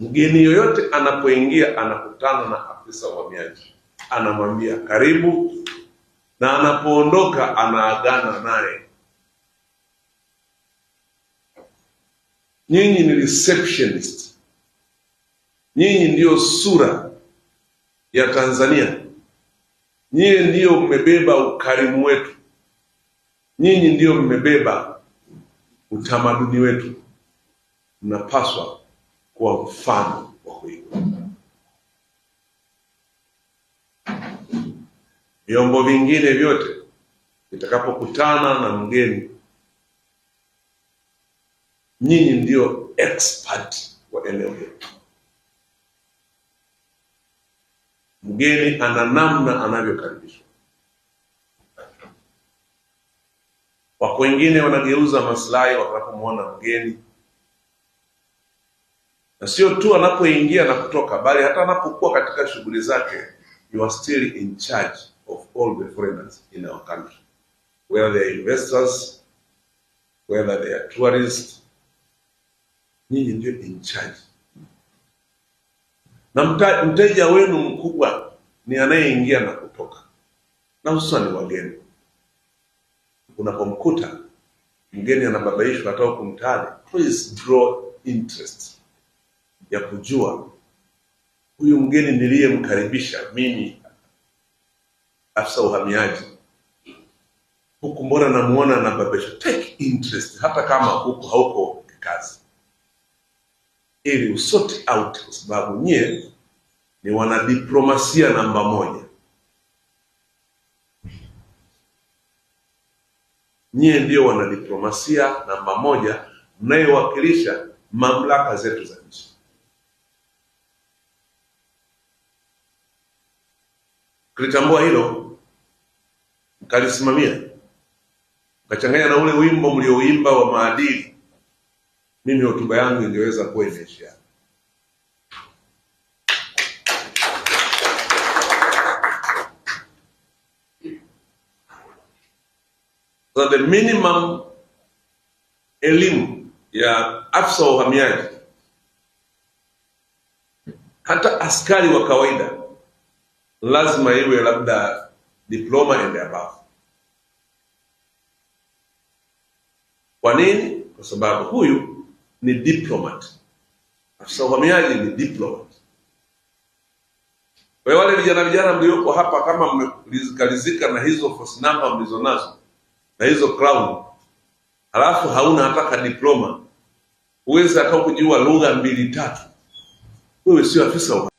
Mgeni yoyote anapoingia anakutana na afisa uhamiaji, anamwambia karibu, na anapoondoka anaagana naye. Nyinyi ni receptionist, nyinyi ndiyo sura ya Tanzania, nyinyi ndiyo mmebeba ukarimu wetu, nyinyi ndiyo mmebeba utamaduni wetu mnapaswa kuwa mfano wa kuigwa. Vyombo vingine vyote vitakapokutana na mgeni, nyinyi ndio expert wa eneo hilo. Mgeni ana namna anavyokaribishwa. Wako wengine wanageuza maslahi watakapomwona mgeni na sio tu anapoingia na kutoka, bali hata anapokuwa katika shughuli zake, you are still in charge of all the foreigners in our country whether they are investors whether they are tourists, ninyi ndio in charge. Na mteja wenu mkubwa ni anayeingia na kutoka, na hususani wageni. Unapomkuta mgeni anababaishwa hata kumtaani, please draw interest ya kujua huyu mgeni niliyemkaribisha mimi afisa uhamiaji, huku mbona namuona babesha? take interest, hata kama huko hauko kazi, ili usort out, kwa sababu nyie ni wanadiplomasia namba moja. Nyie ndio wanadiplomasia namba moja mnayewakilisha mamlaka zetu za nchi. Tulitambua hilo mkalisimamia mkachanganya na ule wimbo mlioimba wa maadili, mimi hotuba yangu ingeweza kuwa imeisha. So the minimum elimu ya afisa wa uhamiaji, hata askari wa kawaida lazima iwe labda diploma and above. Kwa nini? Kwa sababu huyu ni diplomat, afisa uhamiaji ni diplomat. Kwa wale vijana vijana mlioko hapa, kama mmekalizika na hizo force number mlizonazo na hizo crown, halafu hauna hata diploma, huwezi hata kujua lugha mbili tatu, wewe sio afisa